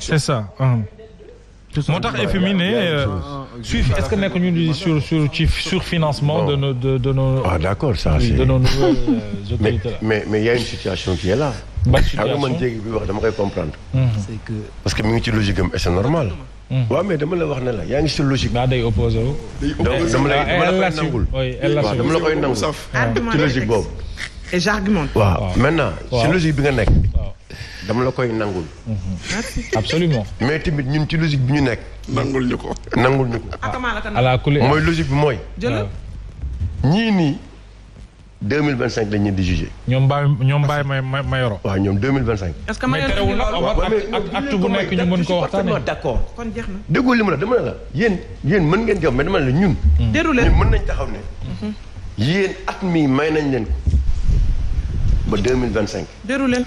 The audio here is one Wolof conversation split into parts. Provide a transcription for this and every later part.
c'est ça. moo tax FMI ne euh, ah, suivi est-ce que nekk ñu sur sur ci surfinancement. de nos de de nos. ah d'accord ça c'est de nos nouvelles euh, autorités là. mais mais il y a une situation qui est là. ban ah, situation man jéegi bi wax dama koy comprendre. Hmm. c'est que parce que mi ngi ci logique am et c'est normal. waaw hmm. hmm. mais dama la wax ne la yaa ngi si logique. daa day opposé wu. donc dama la ah, dama la koy nangul. waaw dama la koy nangul. ci logique boobu. et j'argumente. waaw maintenant si logique bi nga nekk. dama la koy nangul. absolument mais tamit ñun ci logique bi ñu nekk. nangul ñu ko. nangul ñu ko. ala kulli mooy logique bi mooy. jël ñii nii. deux mille vingt lañ leen di jugé. ñoom Baye ñoom Baye may Mayoro. waaw ñoom deux mille vingt cinq. que mais terewul koo waxtaanee. d' accord kon jeex na. dama ne la yéen yéen mën ngeen jox mais dama ne la ñun. Mm. déroulé ñun mën nañ taxaw ne. Mm-hmm. yéen at mii may nañ leen ko ba deux mille vingt cinq. déroulé.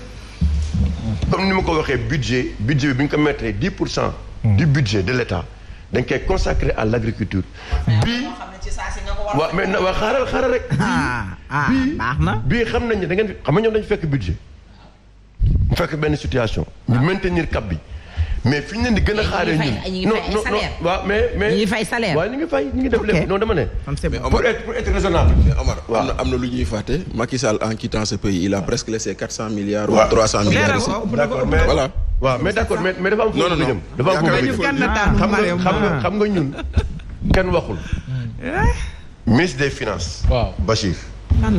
comme ni ma ko waxee budget budget bi bi ñu ko mettre dix pour cent du budget de l' état dañ koy consacré à l' agriculture bii waaw mais na waa xaaral xaaral rek ah, ah, bii bii xam nañ ne da ngeen xam nga ñoom dañu fekk budget mu fekk benn situation ñu ah. maintenir cap bi mais fi ñu leen di gën a xaaree ñun non non non waaw mais mais ñu ngi fay salaire waaw ñu am na lu ñuy fàtte a presque laissé quatre cent milliards ou trois cent milliards ici voilà waaw xam nga xam nga xam ñun kenn waxul eh? ministre des finances waaw Bachir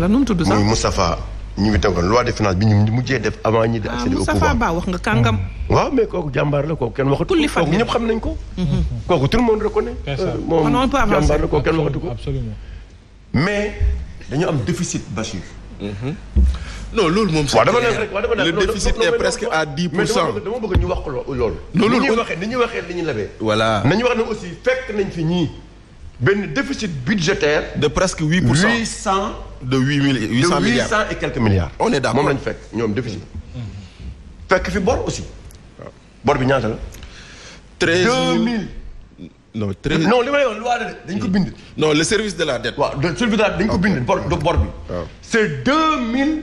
la nu mu tudd sax muy Moustapha ñu ngi tegoon loi de finance bi ñu mujjee def avant ñi di ah, accéder au pouvoir Moustapha wax nga kàngam. Hmm. waaw mais kooku jàmbaar la kooku kenn waxatu ko. kooku ñëpp xam nañ ko. Mhm. kooku tout le monde ko euh, moom jàmbaar la kooku kenn waxatu ko. mais dañu am déficit Bachir. Mhm. non loolu moom. waaw dama nekk rek waaw dama nekk le déficit est presque à 10 pour cent. dama bëgg ñu wax ko loolu. loolu ñuy waxee ni ñu waxee li ñu labee. na nañu wax ne aussi fekk nañ fi ñii benn déficit budgétaire. de presque 8 pour cent 800. de huit mille huit cent milliards de huit cent et quelques milliards. on moom lañu fekk ñoom déficit. fekk fi bor aussi. bor bi ñaata la. treize mille non treize non li ma leen wax dañ ko bind. non le service de la dette. waaw le service de la dette dañ ko bind bor bi. c'est deux mille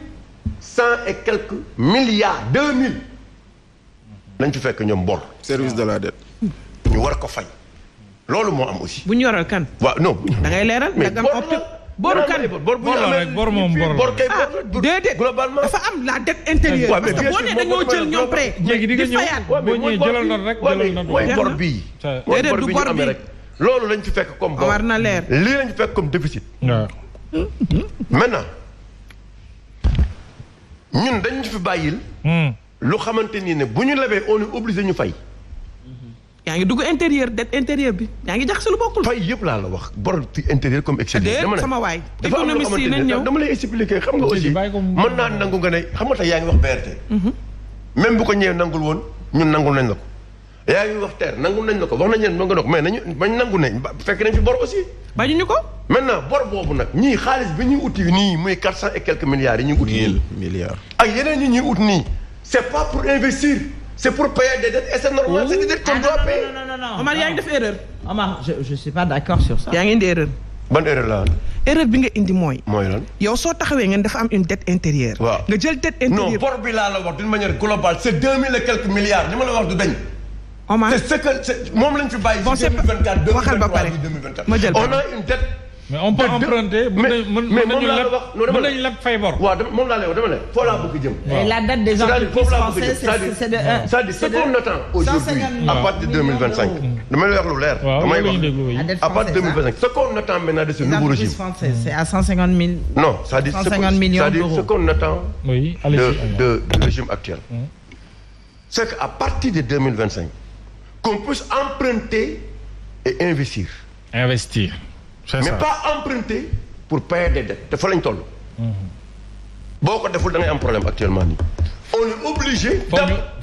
cent et quelque milliards deux mille. lañ ci fekk ñoom bor. service de la dette. ñu war ko fay. loolu moo am aussi. bu ñu yoral kan. waaw non. da ngay leeral da nga opté boru kan bor bu ñu bor moom bor bor kay bor déedéet globalement dafa am la dette intérieure parce que boo nee dañoo jël ñoom prêt léegi di nga ñëw boo ñëwee jëlal noonu rek jëlal noonu mooy bor bi rek loolu lañ ci fekk comme bor war na leer lii lañ ci fekk comme déficit maintenant ñun dañ fi bàyyil hmm. lu xamante nii ne bu ñu lebee on est ñu fay yaa ngi dugg intérieur det intérieur bi yaa ngi jaxase lu bokkul. fay yëpp laa la wax bor ci intérieur comme extérieur. dama ne sama waay économiste yi nañ ñëw dama xam nga aussi mën naa nangu nga ne xam yaa ngi wax BRT. Mhm. même bu ko ñëwee nangul woon ñun nangul nañ la ko. yaa ngi wax TER nangul nañ la ko wax nañ leen ba nga doog mais nañu bañ nangu nañ fekk nañ fi bor aussi. bañuñu ko. maintenant bor boobu nag ñii xaalis bi ñuy uti nii muy quatre cent et quelques milliards yi ñuy ut. mille milliards ak yeneen ñi ñuy ut nii c'est pour payer des dettes et normal c'est ah, yaa ngi def erreur. Omar je je suis pas d'accord yaa ngi indi erreur. ban erreur la erreur bi indi mooy. mooy lan yow soo taxawee ngeen dafa am une dette intérieure. waaw nga jël dette intérieure. non bor bi laa la wax d'une manière globale c'est deux mille et quelques milliards li ma la wax du dañ. Omar c'est ce que moom fi bàyyi. bon c'est waxal ba pare ma jël on a mais on peut emprunter mën nañu moom laa lay wax dama ne foofu laa bëgg jëm. la date des entreprises françaises c'est de c'est-à-dire ce qu'on attend partir de 2025. damay wax lu leer. damay wax à partir de 2025 ce qu'on attend de ce nouveau c'est à 150 000. non c'est-à-dire de régime actuel. c'est qu'à partir de qu'on puisse emprunter et investir. investir. mais ça. pas emprunter pour payer des dettes te fa lañ toll. Mhm. boo ko deful da ngay am problème actuellement nii. on est obligé.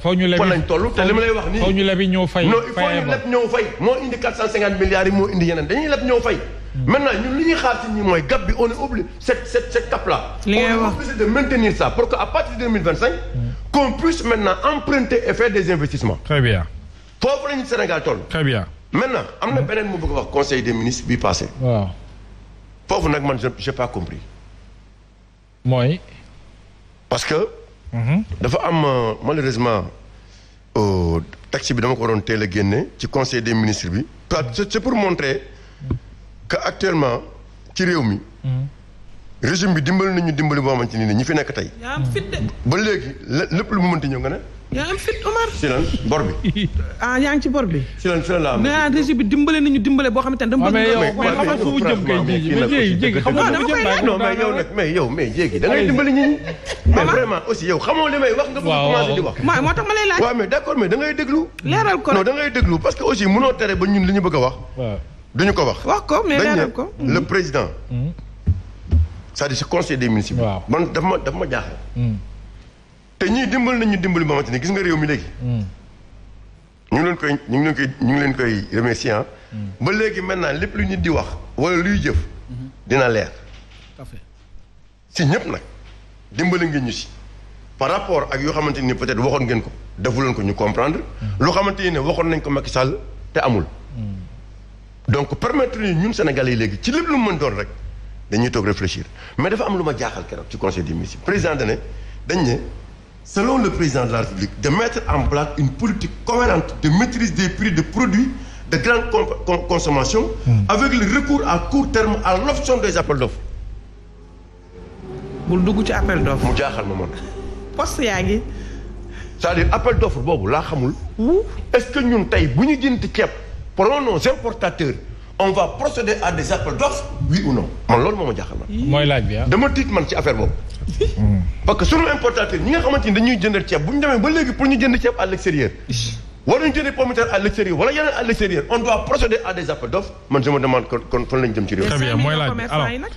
faw ñu lebi lañ te li ma lay wax nii. faw ñu lebi ñoo fay. non il faut ñu leb moo indi 450 yeneen dañuy leb ñoo fay. Mhm. maintenant ñun li ñuy xaar ci ñi mooy gap bi on est obligé cette cette cette cap là. on est obligé de maintenir ça pour que à partir de 2025. Mhm. qu'on puisse maintenant emprunter et faire des investissements. très bien. foofu la ñu Sénégal toll. très maintenant am na mhm. beneen mu bëgg wax conseil des ministres bi passé. waaw foofu nag man j'ai pas compris. mooy. parce que. Mhm. dafa am euh, malheureusement euh, taxi bi dama ko doon teel a génne ci conseil des ministres bi. c'est pour montrer que actuellement ci réew mi. Mhm. régime bi dimbali nañu dimbali boo xamante ni ñi fi nekk tey. ba léegi lépp lu mu mënti ñëw nga ne. yaa am fit Omar. si lan ah, ngi ci bor bi. si lan si lan laa am. dimbale nañu dimbale boo xamante ne dama. Ah, mais yow xam nga mais jéegi jéegi xam nga fu mu jëm non mais yow nag mais yow dimbale nit ñi. mais vraiment aussi yow xamoo li may wax nga bëgg commencé di wax. waaw moo tax ma lay laaj. waaw mais d'accord mais da ngay déglu. leeral ko non da ngay déglu parce que aussi mënoo tere ba ñu bëgg a wax. waaw duñu ko wax. wax ko mais leeral ko dañ le président. Hmm. c'est-à-dire ce conseil des municipaux. waaw man daf ma daf ma jaaxal hmm. te ñii dimbali nañu dimbali ba xamante ni gis nga réew mi léegi. Hmm. ñu leen koy ñu ngi leen koy ñu ngi leen koy remercier ah. hmm. ba léegi maintenant lépp lu ñu di wax wala luy jëf. Hmm. dina leer. si ñëpp nag dimbali ngeen ñu si. par rapport ak yoo xamante ni peut-être waxoon ngeen ko defu leen ko ñu comprendre. loo xamante ne waxoon nañ ko Macky sàll te amul. donc permettre ñu ñun senegal yi léegi ci lépp lu mu mën doon rek dañuy toog réfléchir mais dafa am lu ma jaaxal keroog ci conseil des ministres président ne dañ ne. selon le président de la République, de mettre en place une politique cohérente de maîtrise des prix de produits de grande consommation mm. avec le recours à court terme à l'option des appels d'offres. bul dugg ci appel d'offres. mu jaaxal ma man. poste yaa ngi. c'est-à-dire appel d'offres boobu laa xamul. ou est-ce que ñun tey bu ñu jënd ceeb. pour nos importateurs. on va procéder à des appels d'offres oui ou non. man loolu moo ma jaaxal man. mooy laaj bi ah. dama tiit man ci affaire boobu. parce que sunu importateur ñi nga xamante ni dañuy jëndal ceeb bu ñu demee ba léegi pour ñu jënd ceeb à l'extérieur war wala yeneen à l'extérieur on doit procéder à des appels d'offres man je me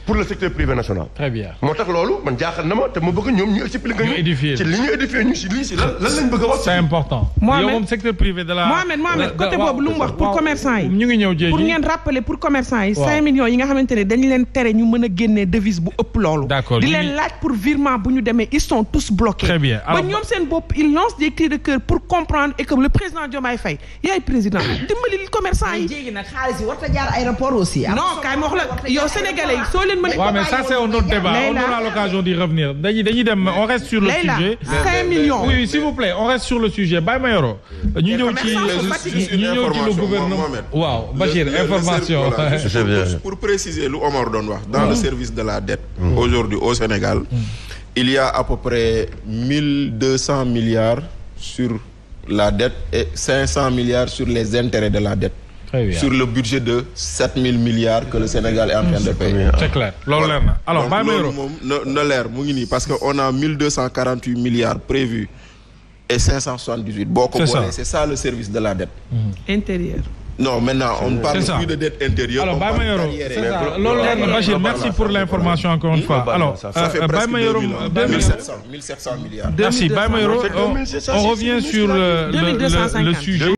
pour le secteur privé national. très bien moo loolu man jaaxal na te ma bëgg ñoom ñu expliquer. ñu édifier édifier ñu si lii si lan lan lañ bëgg a c'est important yow moom secteur privé euh, lu mu pour commerçant yi. ñu ngi ñëw jéegi pour ngeen rappeler pour commerçant yi. waaw millions yi nga xamante ne dañu leen tere ñu mën a génnee devise bu ëpp loolu. d'accord le président président Diomaye Faye président dimbali commerçant yi. léegi nag xaalis yi warta jaar aéroport aussi. Ah. non ma wax la yow sénégalais yi soo a. waaw mais ça c'est un autre débat on aura l'occasion d'y revenir dañuy dañuy dem on reste sur le sujet. 5 millions oui s'il vous plaît on reste sur le sujet Baye Mayoro. ñu ñëw ci ñu ñëw ci le gouvernement waaw Bachir information. pour préciser lu Omar doon wax. dans le mm. de la dette. Mm. aujourd'hui au Sénégal. Mm. il y a à peu de mille deux cents milliards sur la dette et 500 milliards sur les intérêts de la de 7000 milliards que le Sénégal est en train de payer. c'est clair loolu leer na alors bàyyi mu ngi nii parce que on a 1248 milliards prévus et 578. boo ko boolee c'est ça le service de la dette. non maintenant on parle plus de dette intérieure. alors c'est ça loolu leer na merci pour l'information encore une fois. alors euh, Baye on revient sur le sujet.